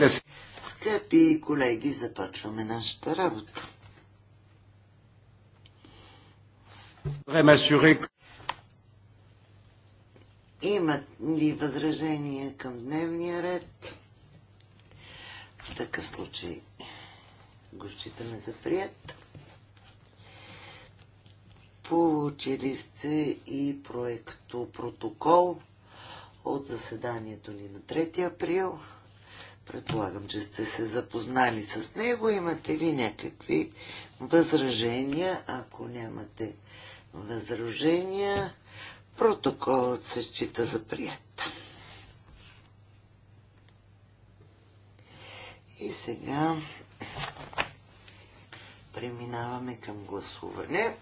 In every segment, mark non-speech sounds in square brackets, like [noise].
Е, Скъпи колеги, започваме нашата работа. Е Имат ли възражения към дневния ред? В такъв случай го считаме за прият. Получили сте и проекто протокол от заседанието ни на 3 април. Предполагам, че сте се запознали с него. Имате ли някакви възражения? Ако нямате възражения, протоколът се счита за прият. И сега преминаваме към гласуване.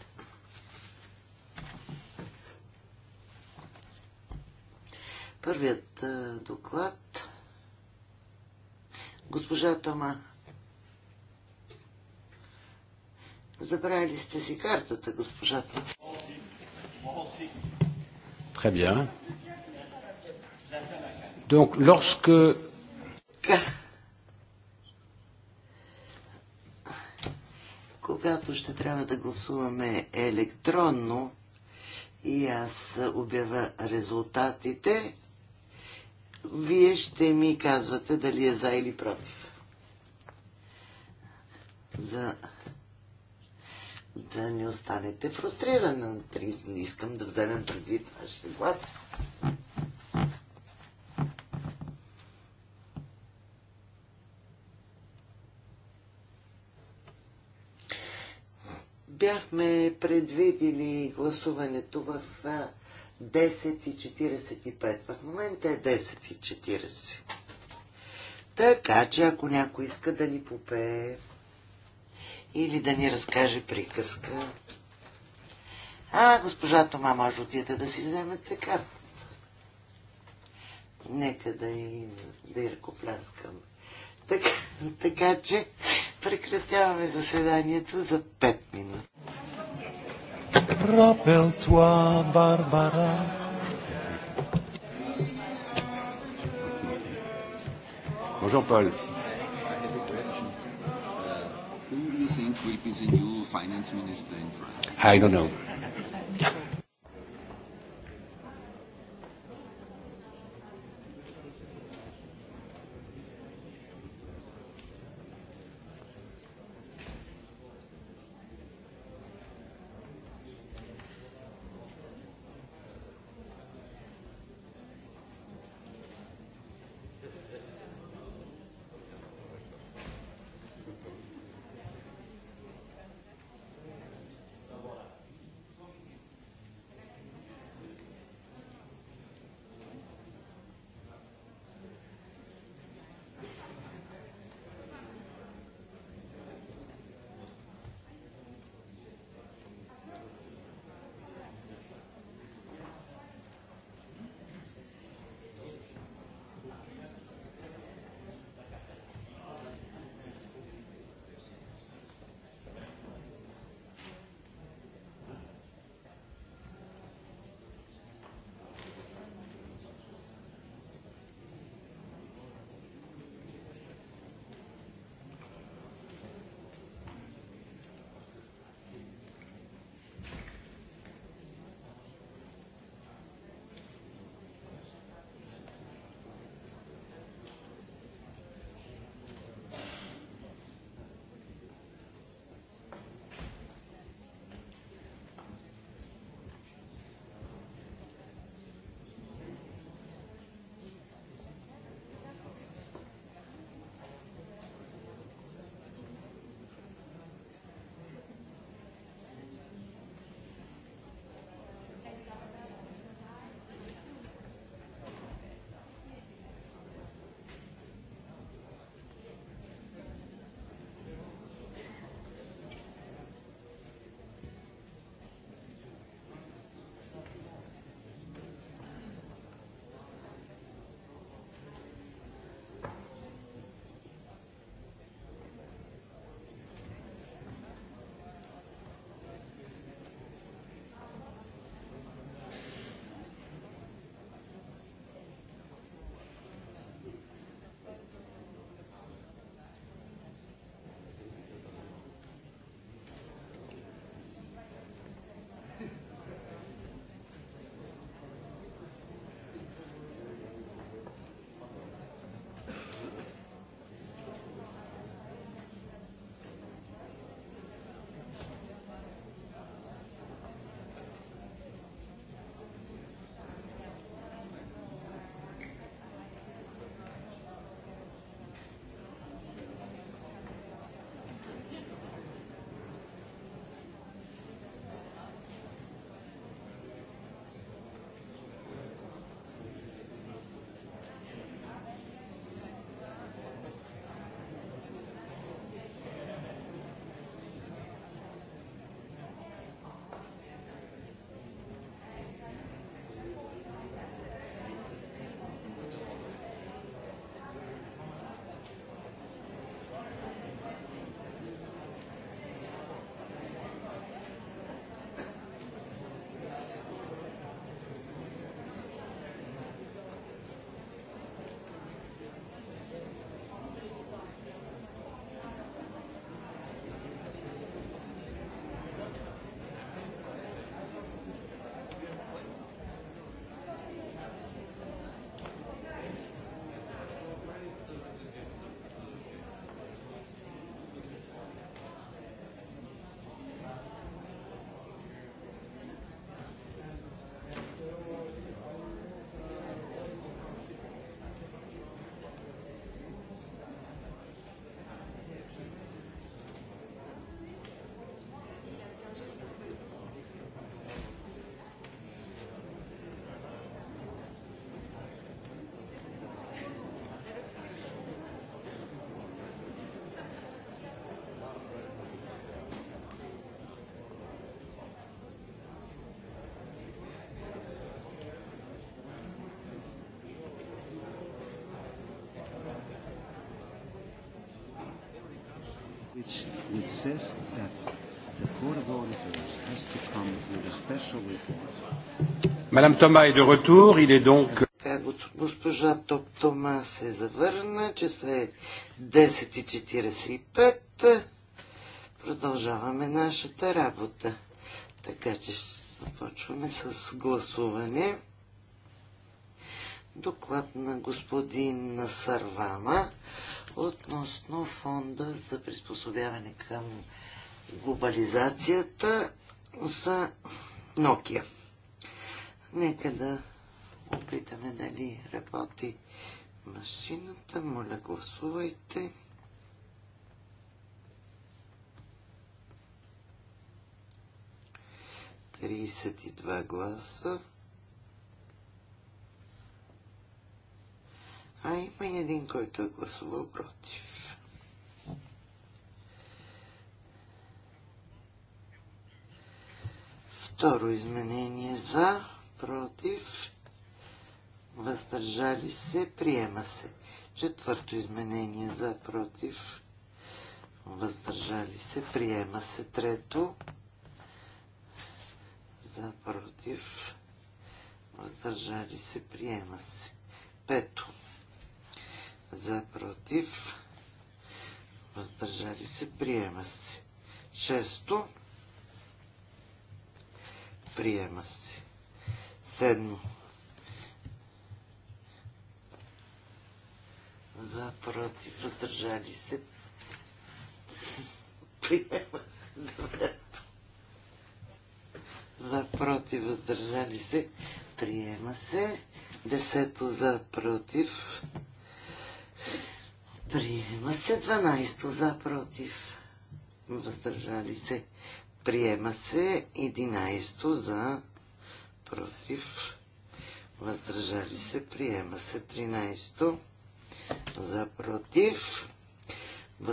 Първият доклад. Госпожа Тома, забрали сте си картата, госпожа Тома. Très bien. Donc, lorsque... Когато ще трябва да гласуваме електронно, и аз обява резултатите вие ще ми казвате дали е за или против. За да не останете фрустрирана. Не искам да вземем предвид вашия глас. Бяхме предвидили гласуването в 10.45. В момента е 10.40. Така че, ако някой иска да ни попее или да ни разкаже приказка. А, госпожа Тома, може отиде да си вземете карта. Нека да и, да и ръкопляскам. Така, [laughs] така че прекратяваме заседанието за 5 минути. Rappelle-toi, Barbara. Bonjour, Paul. Who do you think will be the new finance minister in France? I don't know. which, which says that the Court of Auditors has to come with a special report. Madame Thomas est de retour, il est donc... Госпожа Топ Тома се завърна, че са е 10.45. Продължаваме нашата работа. Така че започваме с гласуване. Доклад на господин Сарвама относно фонда за приспособяване към глобализацията за Nokia. Нека да опитаме дали работи машината. Моля, гласувайте. Тридесет и два гласа. А има и един, който е гласувал против. Второ изменение за, против, въздържали се, приема се. Четвърто изменение за, против, въздържали се, приема се. Трето, за, против, въздържали се, приема се. Пето за против, въздържали се, приема се. Шесто, приема се. Седмо, за против, въздържали се, [laughs] приема се. Девето, за против, въздържали се, приема се. Десето за против, Приема се 12 за против. Въздържали се. Приема се 11 за против. Въздържали се. Приема се 13 за против.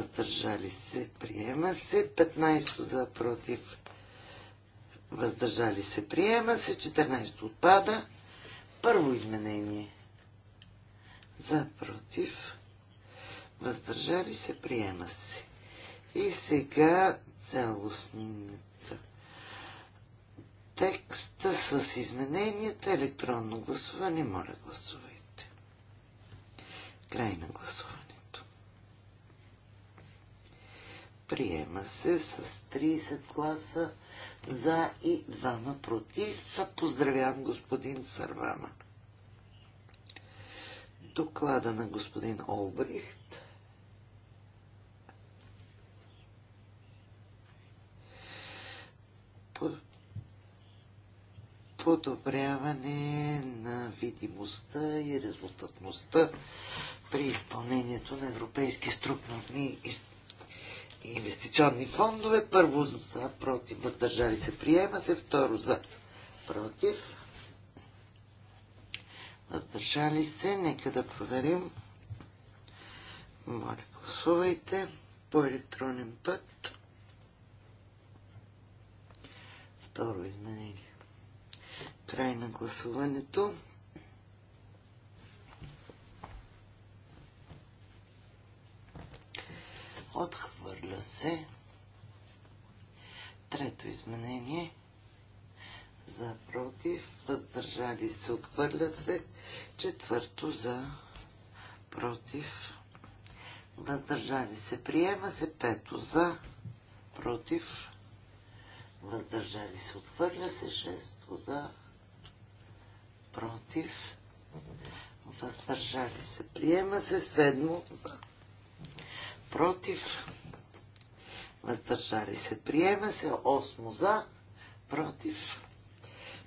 Въздържали се. Приема се 15 за против. Въздържали се. Приема се 14 отпада. Първо изменение. За против въздържали се, приема се. И сега цялостната текста с измененията, електронно гласуване, моля гласувайте. Край на гласуването. Приема се с 30 гласа за и двама против. Поздравявам господин Сарвама. Доклада на господин Олбрихт подобряване на видимостта и резултатността при изпълнението на европейски структурни и инвестиционни фондове. Първо за против, въздържали се, приема се. Второ за против, въздържали се. Нека да проверим. Моля, гласувайте по електронен път. Второ изменение. Край на гласуването. Отхвърля се. Трето изменение. За против. Въздържали се. Отхвърля се. Четвърто за против. Въздържали се. Приема се. Пето за против. Въздържали се. Отхвърля се. Шесто за против, въздържали се. Приема се седмо за против, въздържали се. Приема се осмо за против,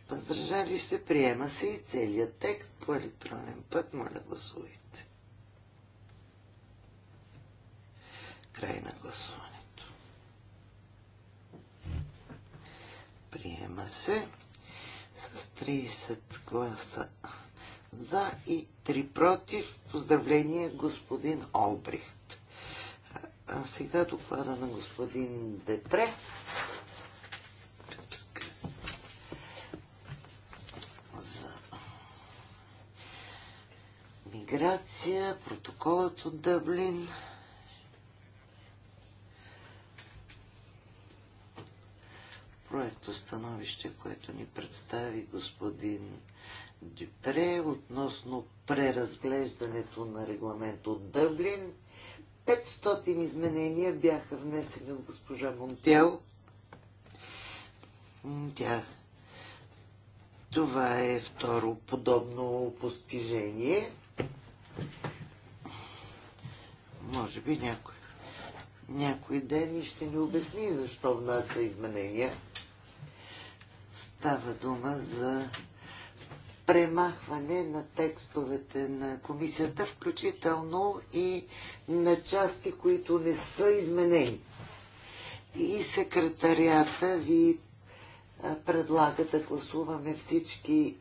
въздържали се. Приема се и целият текст по електронен път. Моля гласувайте. Край на гласуването. Приема се. 30 гласа за и 3 против. Поздравление господин Олбрихт. А сега доклада на господин Депре. За миграция, протоколът от Дъблин. становище, което ни представи господин Дюпре относно преразглеждането на регламент от Дъблин. 500 изменения бяха внесени от госпожа Монтел. Тя. Това е второ подобно постижение. Може би някой някой ден и ще ни обясни защо внася изменения. Става дума за премахване на текстовете на комисията, включително и на части, които не са изменени. И секретарията ви предлага да гласуваме всички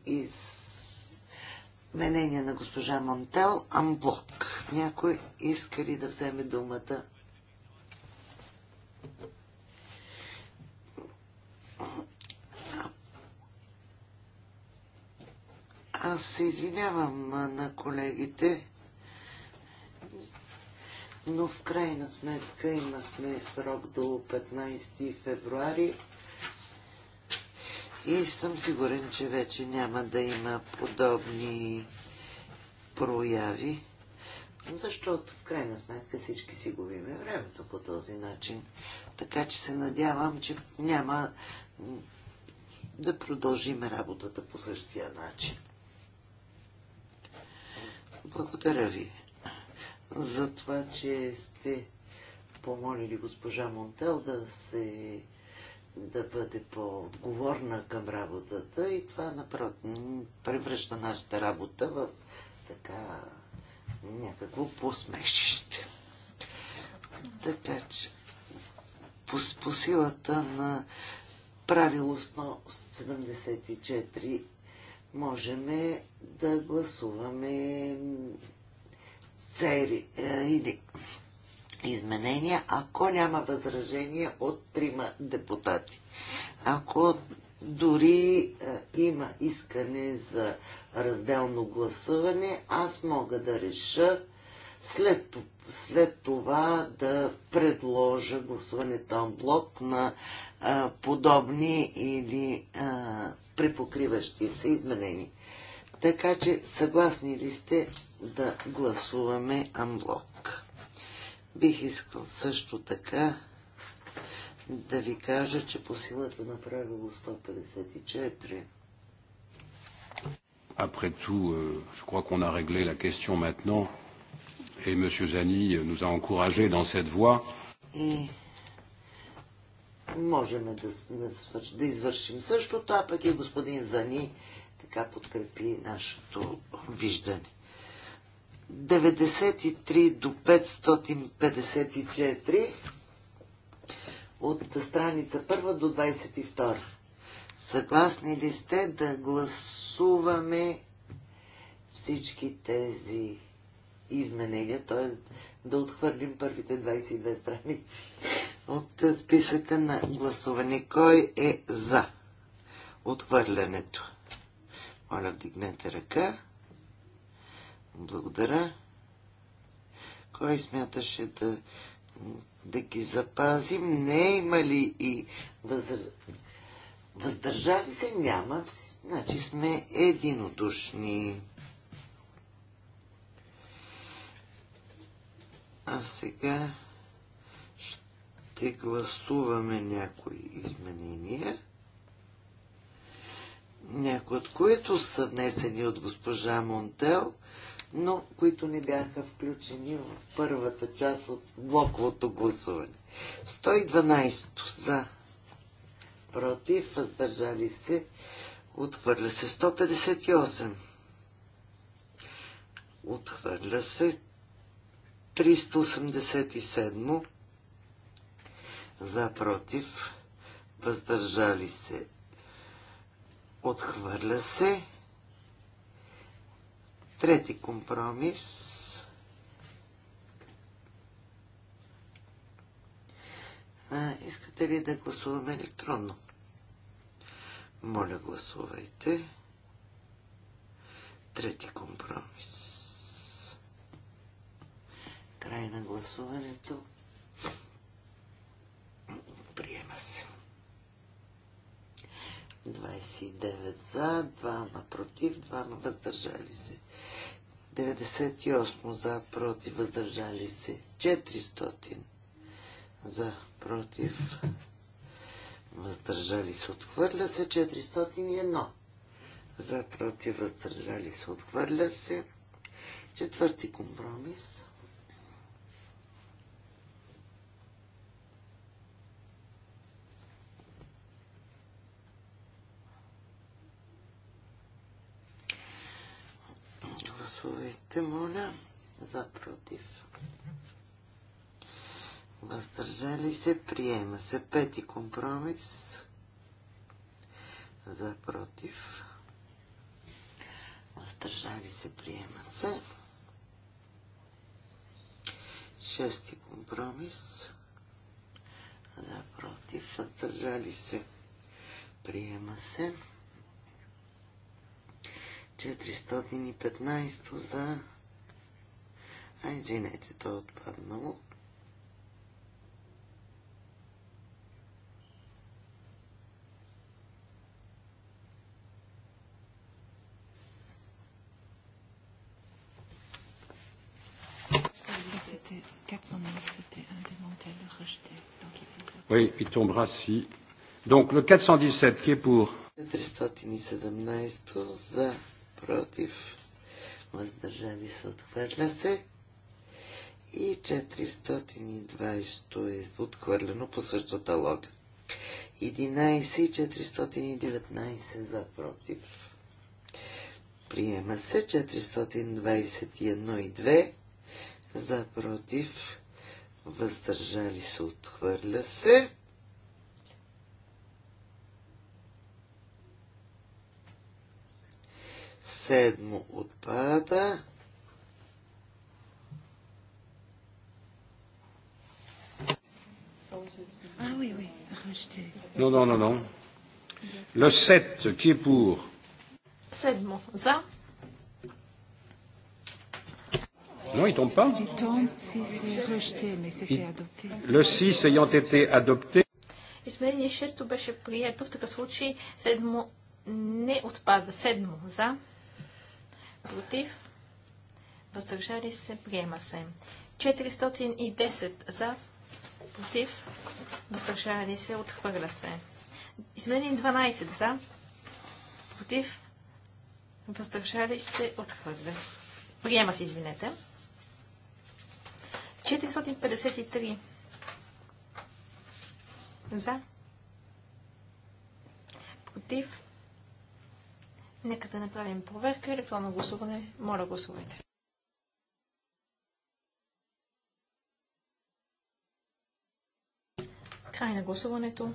изменения на госпожа Монтел амблок. Някой иска ли да вземе думата? Аз се извинявам на колегите, но в крайна сметка имахме срок до 15 февруари и съм сигурен, че вече няма да има подобни прояви, защото в крайна сметка всички си губиме времето по този начин. Така че се надявам, че няма да продължим работата по същия начин. Благодаря ви за това, че сте помолили госпожа Монтел да се да бъде по-отговорна към работата и това напред, превръща нашата работа в така някакво посмешище. Така че по, по силата на правило 174 можем да гласуваме сери, е, или изменения, ако няма възражения от трима депутати. Ако дори а, е, има искане за разделно гласуване, аз мога да реша след, след това да предложа гласуването блок на а, е, подобни или а, припокриващи се изменения. Така че съгласни ли сте да гласуваме амблок? Бих искал също така да ви кажа, че по силата на правило 154 Après tout, euh, je crois qu'on a réglé la question maintenant et M. Zani nous a encouragés dans cette voie. Et можем да, да, да извършим същото, а пък и господин Зани така подкрепи нашето виждане. 93 до 554 от страница 1 до 22. Съгласни ли сте да гласуваме всички тези изменения, т.е. да отхвърлим първите 22 страници? от списъка на гласуване. Кой е за отхвърлянето? Моля, вдигнете ръка. Благодаря. Кой смяташе да, да ги запазим? Не има ли и възр... въздържали се? Няма. Значи сме единодушни. А сега ще гласуваме някои изменения, някои от които са внесени от госпожа Монтел, но които не бяха включени в първата част от блоковото гласуване. 112 за против, въздържали се, отхвърля се 158. Отхвърля се 387 за против, въздържали се, отхвърля се. Трети компромис. А, искате ли да гласуваме електронно? Моля, гласувайте. Трети компромис. Край на гласуването. 29 за, 2 против, 2 въздържали се. 98 за, против, въздържали се. 400 за, против, въздържали се. Отхвърля се 401 за, против, въздържали се. Отхвърля се. Четвърти компромис. гласувайте, моля. За против. Въздържали се, приема се. Пети компромис. За против. Въздържали се, приема се. Шести компромис. За против. Въздържали се. Приема се. 415 за... А, извинете, то е отпаднало. Oui, il tombera si. Donc le 417 qui est pour. 417 за против, въздържали се, отхвърля се. И 420 е отхвърлено по същата лога. 11 419 за против. Приема се 421 и 2 за против. Въздържали се, отхвърля се. Седмо отпада. Ah oui, oui. Non, non, non, non. Le 7, qui est pour Седмо. За. Non, il tombe pas. Il tombe si c'est rejeté, mais c'était adopté. Le 6 ayant été adopté. Изменение 6 беше прието. В такъв случай 7 не отпада. 7 за против, въздържали се, приема се. 410 за, против, въздържали се, отхвърля се. Измени 12 за, против, въздържали се, отхвърля се. Приема се, извинете. 453 за, против, Нека да направим проверка. Електронно гласуване. Моля, гласувайте. Край на гласуването.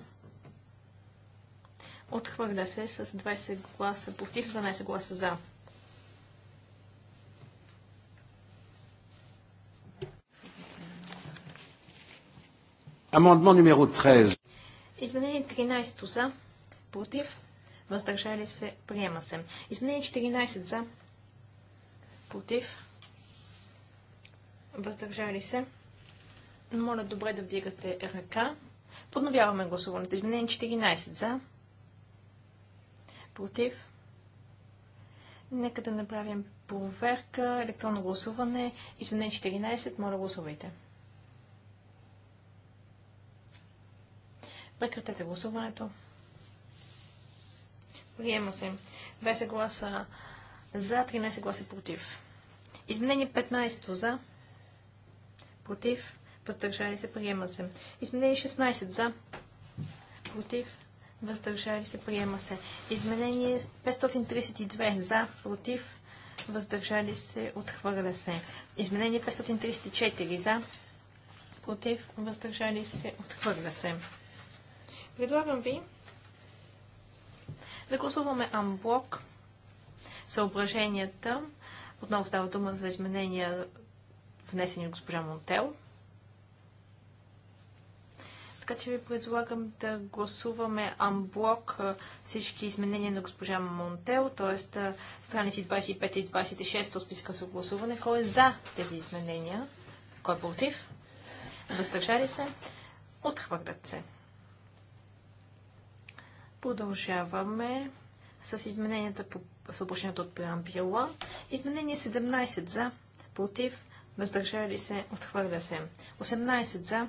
Отхвърля се с 20 гласа против, 12 гласа за. Амендмент номеро 13. Изменение 13 за, против, въздържали се, приема се. Изменение 14 за, против, въздържали се. Моля добре да вдигате ръка. Подновяваме гласуването. Изменение 14 за, против. Нека да направим проверка, електронно гласуване, изменение 14, моля гласувайте. Прекратете гласуването. Приема се. 20 гласа за, 13 гласа против. Изменение 15 за, против, въздържали се, приема се. Изменение 16 за, против, въздържали се, приема се. Изменение 532 за, против, въздържали се, отхвърля се. Изменение 534 за, против, въздържали се, отхвърля се. Предлагам ви да гласуваме амблок съображенията. Отново става дума за изменения, внесени от госпожа Монтел. Така че ви предлагам да гласуваме амблок всички изменения на госпожа Монтел, т.е. страници 25 и 26 от списка за гласуване. Кой е за тези изменения? Кой е против? Въздържали се? Отхвърлят се. Продължаваме с измененията по съобщението от преамбила. Изменение 17 за, против, въздържали се, отхвърля се. 18 за,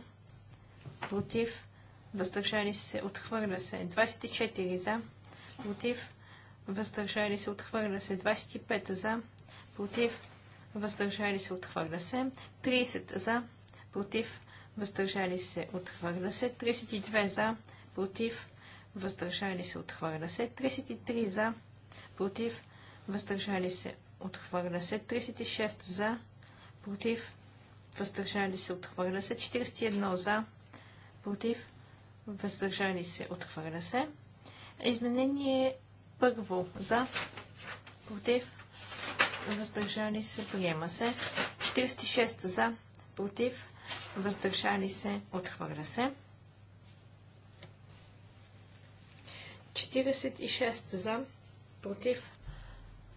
против, въздържали се, отхвърля се. 24 за, против, въздържали се, отхвърля се. 25 за, против, въздържали се, отхвърля се. 30 за, против, въздържали се, отхвърля се. 32 за, против, въздържали се, отхвърля се. 33 за, против, въздържали се, отхвърля се. 36 за, против, въздържали се, отхвърля се. 41 за, против, въздържали се, отхвърля се. Изменение първо за, против, въздържали се, приема се. 46 за, против, въздържали се, отхвърля се. 46 за, против,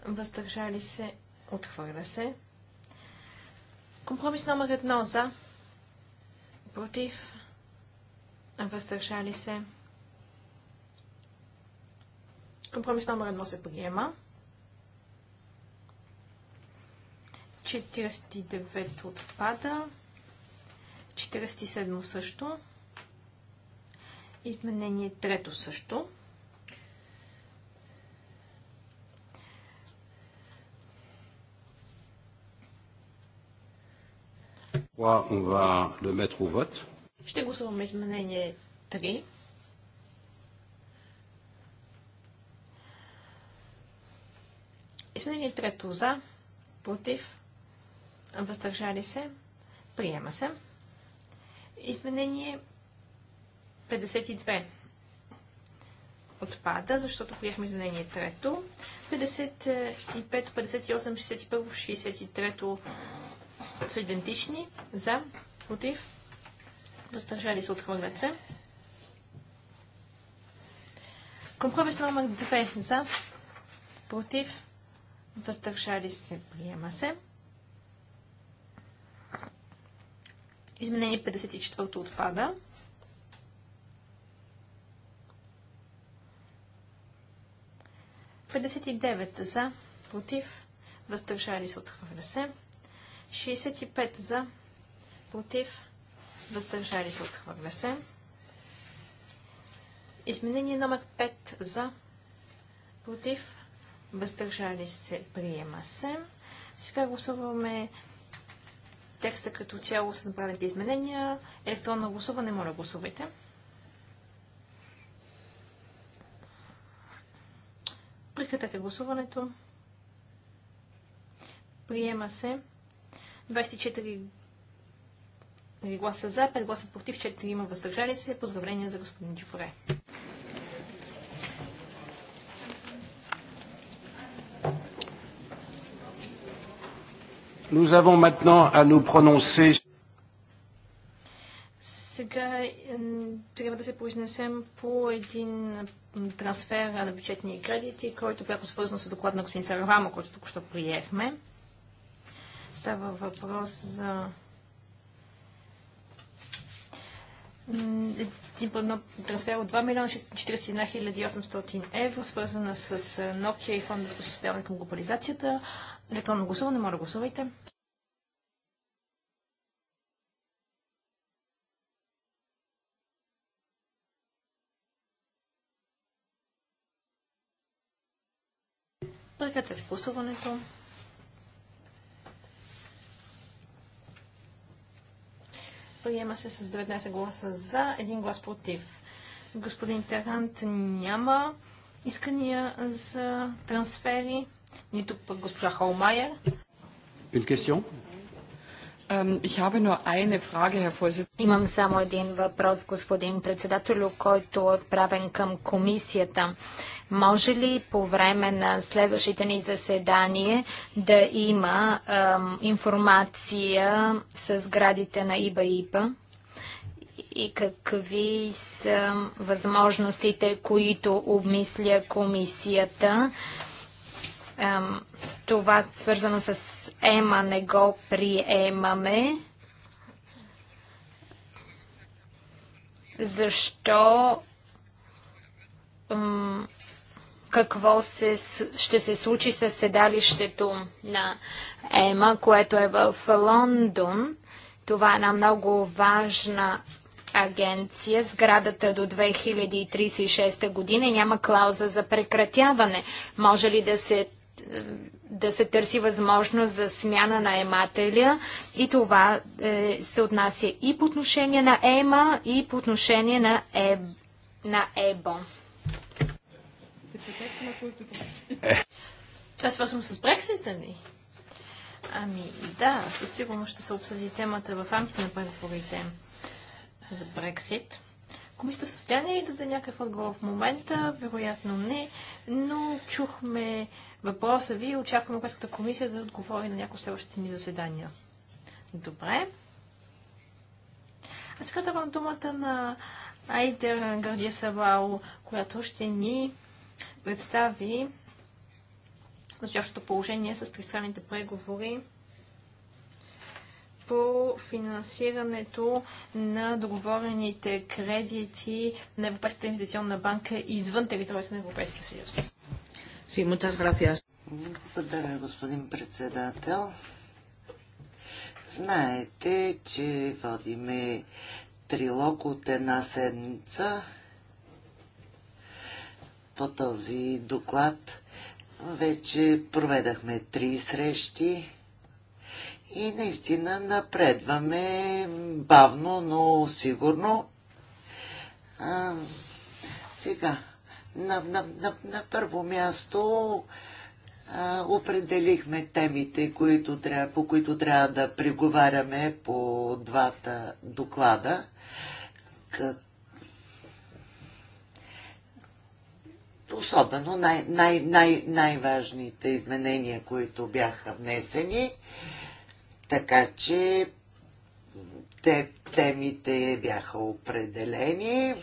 въздържали се, отхвърля се. Компромис номер 1 за, против, въздържали се. Компромис номер 1 се приема. 49 отпада. 47 също. Изменение трето също. 3, on va le mettre au vote. Ще гласуваме изменение 3. Изменение трето за, против, въздържали се, приема се. Изменение 52 отпада, защото приехме изменение трето. 55, 58, 61, 63 са идентични. За, против, въздържали се, отхвърлят се. Компромис номер 2 за, против, въздържали се, приема се. Изменение 54 отпада. Петдесет за, против, въздържали се, отхвърля се. 65 за, против, въздържали се, отхвърля се. Изменение номер 5 за, против, въздържали се, приема се. Сега гласуваме текста като цяло с направените изменения. Електронно гласуване, моля гласувайте. Прекратете гласуването. Приема се 24 гласа за, 5 гласа против, 4 има въздържали се. Поздравления за господин Дюфоре. Nous avons maintenant à nous prononcer. Сега трябва да се произнесем по един трансфер на бюджетни кредити, който бяха свързан с доклад на господин Сарвама, който току-що приехме. Става въпрос за едно трансфер от 2 милиона 41 800 евро, свързана с Nokia и фонда за приспособяване към глобализацията. Електронно гласуване, моля гласувайте. Прекратете гласуването. Приема се с 19 гласа за, 1 глас против. Господин Терант няма искания за трансфери, нито пък госпожа Холмайер. Une question Имам само един въпрос, господин председател, който е отправен към комисията. Може ли по време на следващите ни заседание да има информация с градите на ИБА-ИПА? И какви са възможностите, които обмисля комисията? това свързано с ЕМА не го приемаме. Защо? Какво се, ще се случи с седалището на ЕМА, което е в Лондон? Това е една много важна агенция, сградата до 2036 година няма клауза за прекратяване. Може ли да се е, да се търси възможност за смяна на емателя и това е, се отнася и по отношение на ЕМА, и по отношение на, е, на ЕБО. Това е свързвам с Брексита ни. Ами да, със сигурност ще се обсъди темата в рамките на първите за Брексит комисията в състояние ли да даде някакъв отговор в момента? Вероятно не, но чухме въпроса ви и очакваме Европейската комисия да отговори на някои следващите ни заседания. Добре. А сега давам думата на Айдер Гардия Савал, която ще ни представи настоящото положение с тристранните преговори по финансирането на договорените кредити на Европейската инвестиционна банка извън територията на Европейския съюз. Sí, muchas gracias. Благодаря, господин председател. Знаете, че водиме трилог от една седмица по този доклад. Вече проведахме три срещи и наистина напредваме бавно, но сигурно. А, сега, на, на, на, на първо място а, определихме темите, които трябва, по които трябва да преговаряме по двата доклада. Като особено най- най- най- най-важните изменения, които бяха внесени. Така че те, темите бяха определени.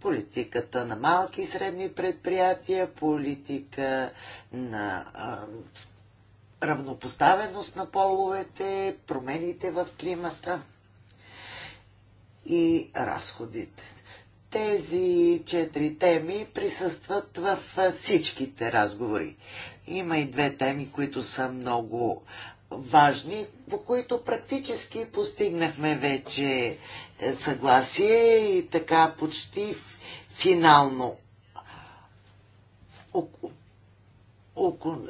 Политиката на малки и средни предприятия, политика на а, равнопоставеност на половете, промените в климата и разходите тези четири теми присъстват в всичките разговори. Има и две теми, които са много важни, по които практически постигнахме вече е, съгласие и така почти финално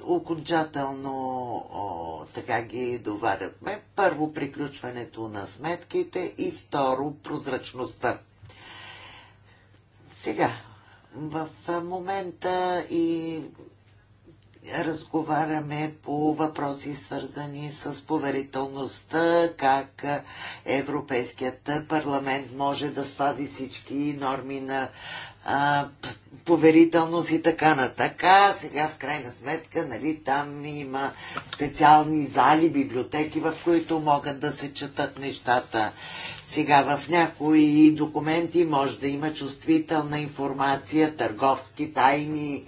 окончателно така ги доваряхме. Първо приключването на сметките и второ прозрачността. Сега, в момента и разговаряме по въпроси свързани с поверителността, как Европейският парламент може да спази всички норми на а, поверителност и така на така. Сега в крайна сметка нали, там има специални зали, библиотеки, в които могат да се четат нещата. Сега в някои документи може да има чувствителна информация, търговски тайни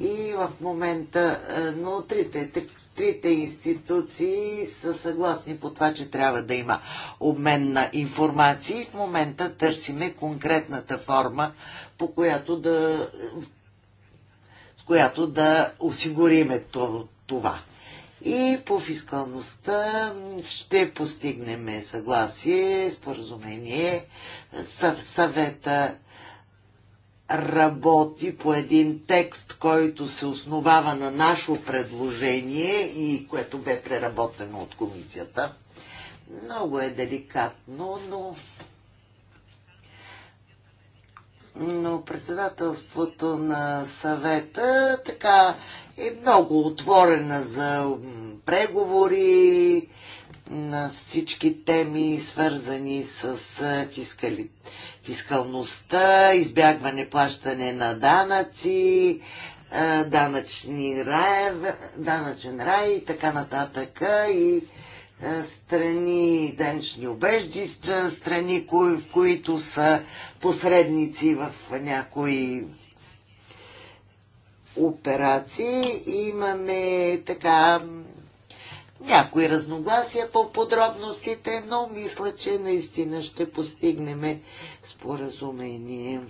и в момента, е, но трите, трите институции са съгласни по това, че трябва да има обмен на информации и в момента търсиме конкретната форма, по която да, с която да осигуриме това. И по фискалността ще постигнем съгласие, споразумение. Съвета работи по един текст, който се основава на наше предложение и което бе преработено от комисията. Много е деликатно, но но председателството на съвета така е много отворена за преговори на всички теми, свързани с е, фискали... фискалността, избягване плащане на данъци, е, данъчни рай, данъчен рай и така нататък. И е, страни, денчни обеждища, страни, кои, в които са посредници в някои операции. Имаме така някои разногласия по подробностите, но мисля, че наистина ще постигнем споразумение.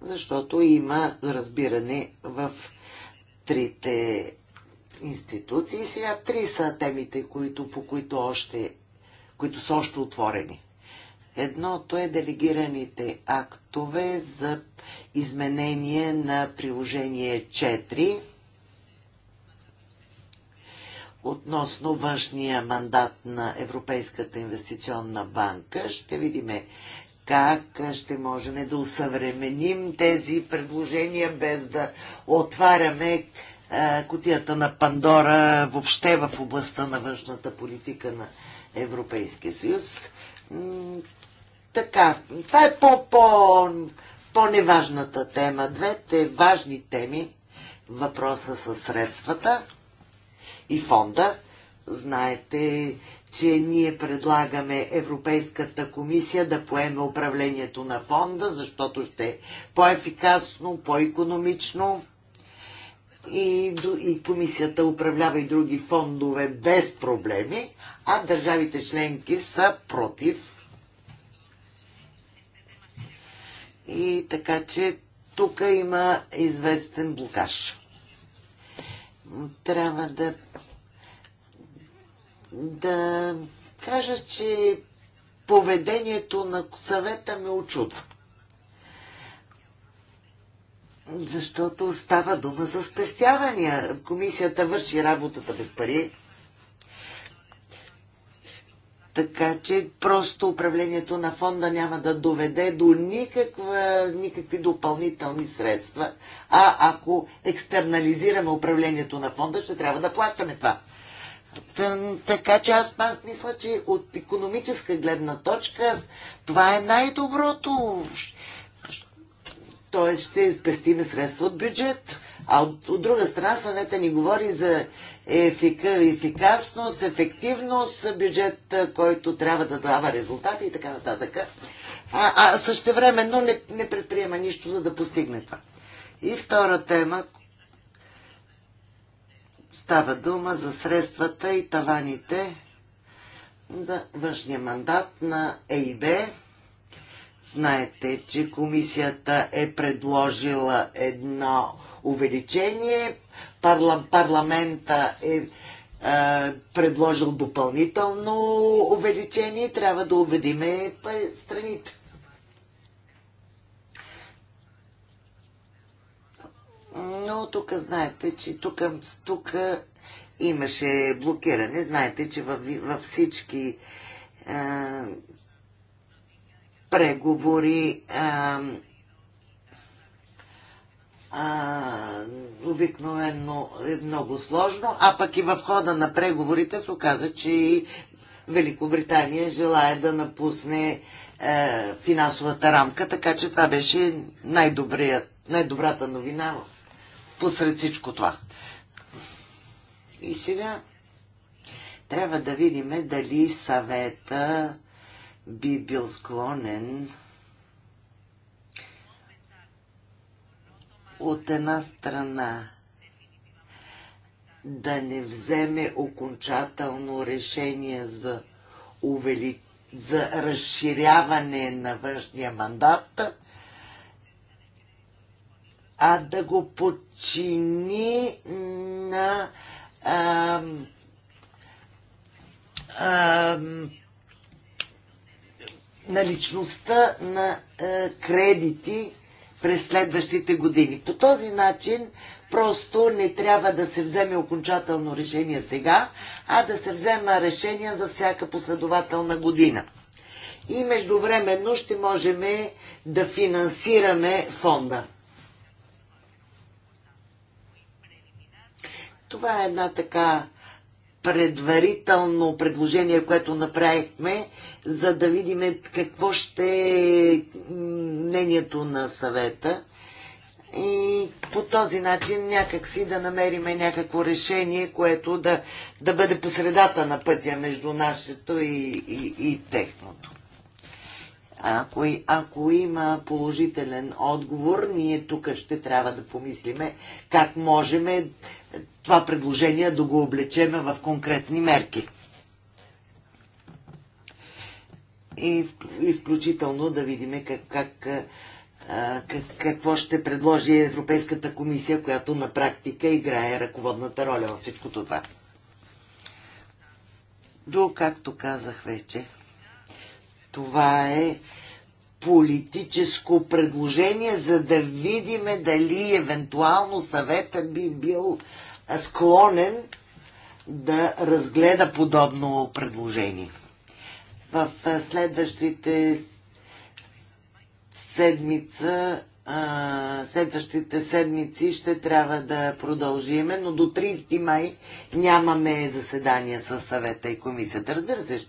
Защото има разбиране в трите институции. Сега три са темите, които, по които още които са още отворени. Едното е делегираните актове за изменение на приложение 4 относно външния мандат на Европейската инвестиционна банка. Ще видим как ще можем да усъвременим тези предложения без да отваряме е, котията на Пандора въобще в областта на външната политика на Европейския съюз. Така, това е по, по, по-неважната тема. Двете важни теми. Въпроса с средствата и фонда. Знаете, че ние предлагаме Европейската комисия да поеме управлението на фонда, защото ще е по-ефикасно, по-економично и, и комисията управлява и други фондове без проблеми, а държавите членки са против И така че тук има известен блокаж. Трябва да да кажа, че поведението на съвета ме очудва. Защото става дума за спестявания. Комисията върши работата без пари. Така че просто управлението на фонда няма да доведе до никаква, никакви допълнителни средства. А ако екстернализираме управлението на фонда, ще трябва да плащаме това. Така че аз, аз мисля, че от економическа гледна точка това е най-доброто. Тоест ще спестиме средства от бюджет. А от, от друга страна съвета ни говори за ефика, ефикасност, ефективност, бюджет, който трябва да дава резултати и така нататък. А, а същевременно не, не предприема нищо, за да постигне това. И втора тема става дума за средствата и таваните за външния мандат на ЕИБ. Знаете, че комисията е предложила едно увеличение. Парла, парламента е, е предложил допълнително увеличение, трябва да убедиме страните. Но тук знаете, че тук, тук имаше блокиране. Знаете, че във, във всички е, преговори е, обикновено е много сложно, а пък и в хода на преговорите се оказа, че и Великобритания желая да напусне е, финансовата рамка, така че това беше най най-добрата новина посред всичко това. И сега трябва да видим дали съвета би бил склонен от една страна да не вземе окончателно решение за, увели... за разширяване на външния мандат, а да го подчини на ам, ам, личността на е, кредити през следващите години. По този начин просто не трябва да се вземе окончателно решение сега, а да се взема решение за всяка последователна година. И междувременно ще можем да финансираме фонда. Това е една така предварително предложение, което направихме, за да видим какво ще мнението на съвета и по този начин някакси да намериме някакво решение, което да, да бъде посредата на пътя между нашето и, и, и техното. Ако, ако има положителен отговор, ние тук ще трябва да помислиме как можем това предложение да го облечеме в конкретни мерки. и, и включително да видим как, как, как, какво ще предложи Европейската комисия, която на практика играе ръководната роля във всичкото това. До, както казах вече, това е политическо предложение, за да видиме дали евентуално съвета би бил склонен да разгледа подобно предложение в следващите седмица, следващите седмици ще трябва да продължиме, но до 30 май нямаме заседания с съвета и комисията. Разбира се,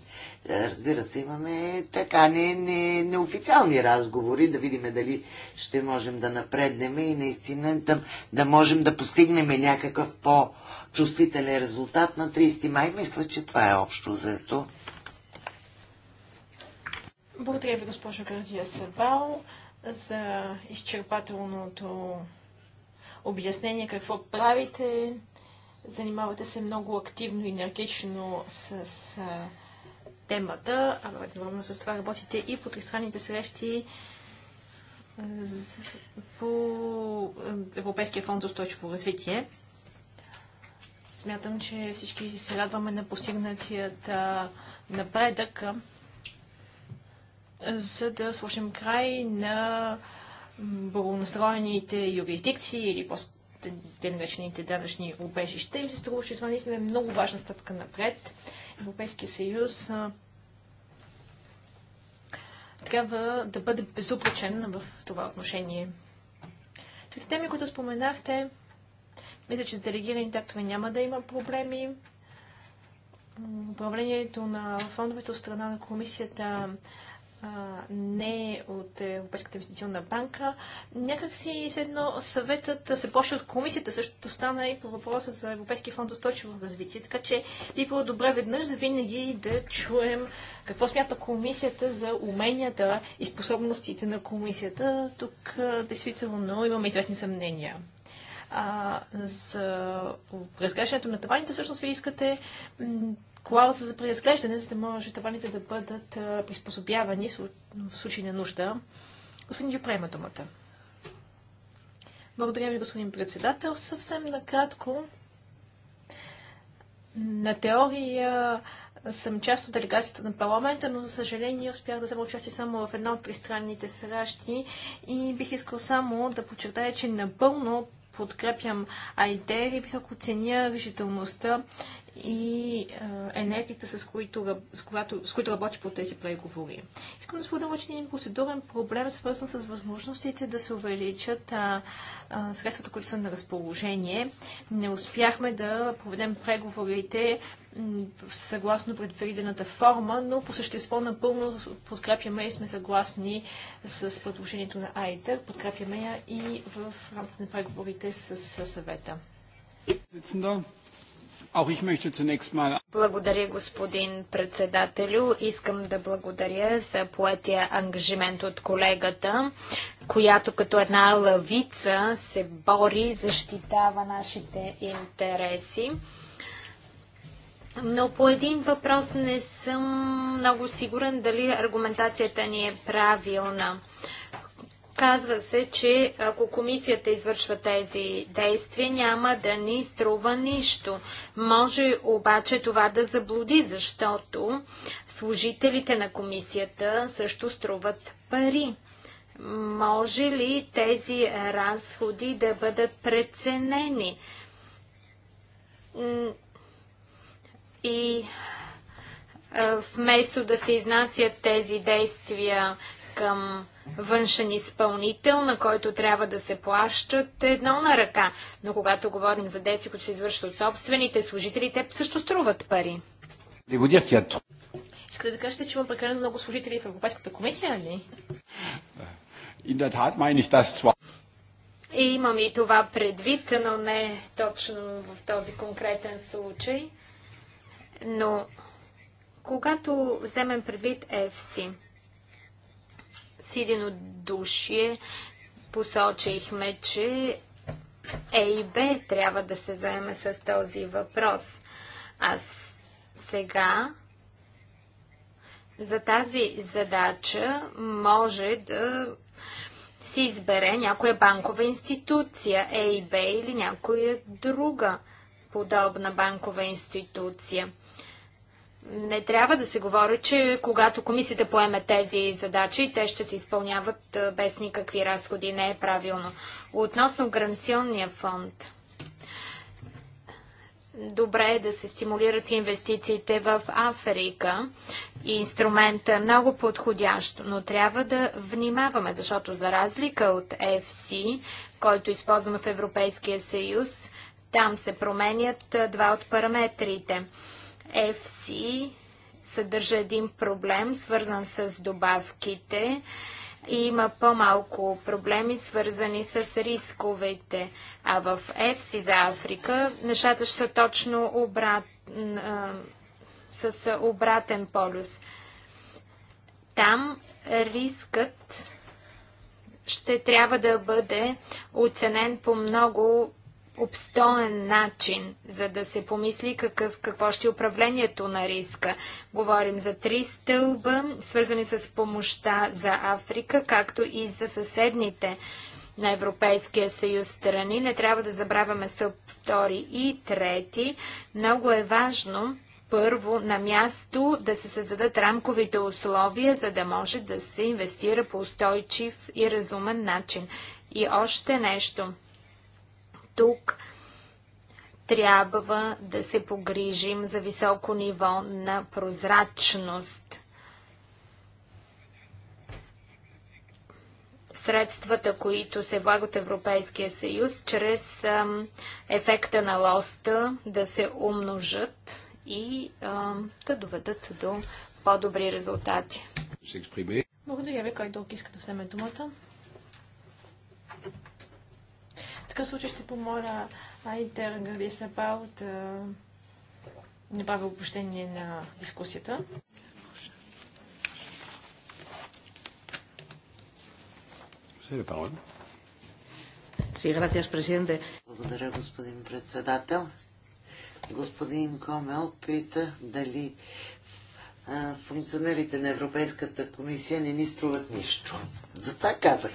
разбира се имаме така не, не, неофициални разговори, да видим дали ще можем да напреднем и наистина да, да можем да постигнем някакъв по-чувствителен резултат на 30 май. Мисля, че това е общо заето. Благодаря ви, госпожо Градия Сабал, за изчерпателното обяснение какво правите. Занимавате се много активно и енергично с а, темата, а едновременно с това работите и по тристранните срещи по Европейския фонд за устойчиво развитие. Смятам, че всички се радваме на постигнатият напредък за да сложим край на благонастроените юрисдикции или те наречените данъчни убежища. И се струва, че това наистина е много важна стъпка напред. Европейския съюз трябва да бъде безупречен в това отношение. Трите теми, които споменахте, мисля, че с делегираните актове няма да има проблеми. Управлението на фондовете от страна на комисията не от Европейската инвестиционна банка. Някак си с едно съветът се почне от комисията, също стана и по въпроса за Европейски фонд устойчиво развитие, така че би било добре веднъж за винаги да чуем какво смята комисията за уменията и способностите на комисията. Тук действително имаме известни съмнения а, за разглеждането на таваните, всъщност вие искате клауза за преразглеждане, за да може таваните да бъдат приспособявани в случай на нужда. Господин Дюпре има думата. Благодаря ви, господин председател. Съвсем накратко, на теория съм част от делегацията на парламента, но за съжаление успях да взема участие само в една от пристранните срещи и бих искал само да подчертая, че напълно подкрепям Айдер и високо ценя решителността и е, енергията, с, които, с, която, с които работи по тези преговори. Искам да споделя, че един процедурен проблем, свързан с възможностите да се увеличат а, а, средствата, които са на разположение. Не успяхме да проведем преговорите съгласно предвидената форма, но по същество напълно подкрепяме и сме съгласни с предложението на АИТЕР. Подкрепяме я и в рамките на преговорите с съвета. Благодаря, господин председателю. Искам да благодаря за поетия ангажимент от колегата, която като една лавица се бори, защитава нашите интереси. Но по един въпрос не съм много сигурен дали аргументацията ни е правилна. Казва се, че ако комисията извършва тези действия, няма да ни струва нищо. Може обаче това да заблуди, защото служителите на комисията също струват пари. Може ли тези разходи да бъдат преценени? и вместо да се изнасят тези действия към външен изпълнител, на който трябва да се плащат едно на ръка. Но когато говорим за действия, които се извършват от собствените служители, те също струват пари. Искате да кажете, че има прекалено много служители в Европейската комисия, ли? И е, имам и това предвид, но не точно в този конкретен случай. Но когато вземем предвид FC с единодушие посочихме, че A и B трябва да се заеме с този въпрос. Аз сега за тази задача може да си избере някоя банкова институция, B или някоя друга подобна банкова институция не трябва да се говори, че когато комисията поеме тези задачи, те ще се изпълняват без никакви разходи. Не е правилно. Относно гаранционния фонд. Добре е да се стимулират инвестициите в Африка. И инструмента е много подходящ, но трябва да внимаваме, защото за разлика от FC, който използваме в Европейския съюз, там се променят два от параметрите – FC съдържа един проблем, свързан с добавките и има по-малко проблеми, свързани с рисковете. А в FC за Африка нещата ще са точно обрат, а, с обратен полюс. Там рискът ще трябва да бъде оценен по много обстоен начин, за да се помисли какъв, какво ще е управлението на риска. Говорим за три стълба, свързани с помощта за Африка, както и за съседните на Европейския съюз страни. Не трябва да забравяме стълб втори и трети. Много е важно първо на място да се създадат рамковите условия, за да може да се инвестира по устойчив и разумен начин. И още нещо – тук трябва да се погрижим за високо ниво на прозрачност. Средствата, които се влагат Европейския съюз, чрез ефекта на лоста да се умножат и да доведат до по-добри резултати. Благодаря ви, кой друг иска да вземе думата такъв случай ще помоля Айтер Гари от. да не прави обобщение на дискусията. Благодаря, господин председател. Господин Комел пита дали функционерите на Европейската комисия не ни струват нищо. Затова казах.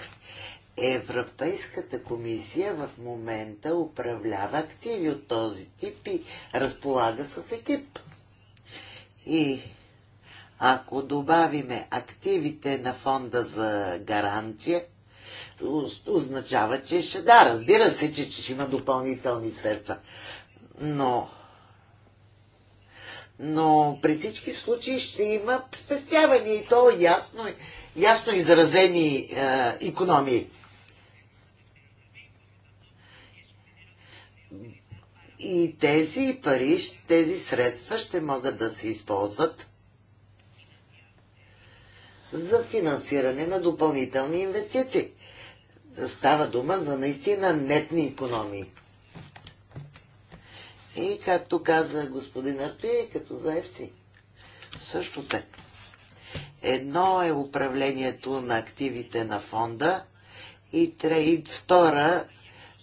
Европейската комисия в момента управлява активи от този тип и разполага с екип. И ако добавиме активите на фонда за гаранция, означава, че ще да, разбира се, че, че ще има допълнителни средства. Но но при всички случаи ще има спестявания и то ясно, ясно изразени е, економии. И тези пари, тези средства ще могат да се използват за финансиране на допълнителни инвестиции. Става дума за наистина нетни економии. И както каза господин Артуи, като за ЕФСИ. Също така. Едно е управлението на активите на фонда и, тре, и втора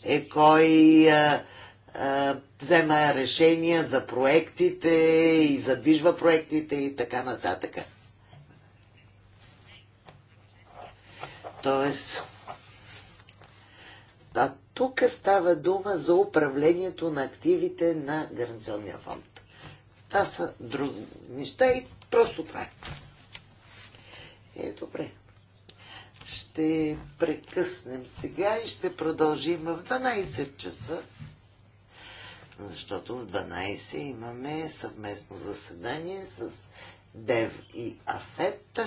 е кой а, взема решения за проектите и задвижва проектите и така нататък. Тоест, а тук става дума за управлението на активите на гаранционния фонд. Това са други неща и просто това е. Е, добре. Ще прекъснем сега и ще продължим в 12 часа защото в 12 имаме съвместно заседание с Дев и Афет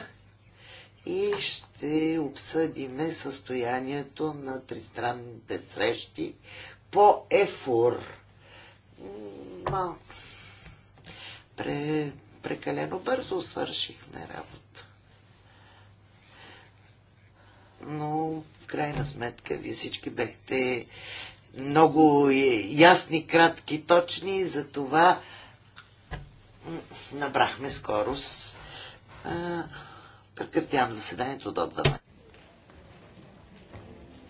и ще обсъдиме състоянието на тристранните срещи по ЕФУР. Малко. Пре, прекалено бързо свършихме работа. Но в крайна сметка вие всички бехте много ясни, кратки, точни и за това набрахме скорост. Прекъртявам заседанието до 12.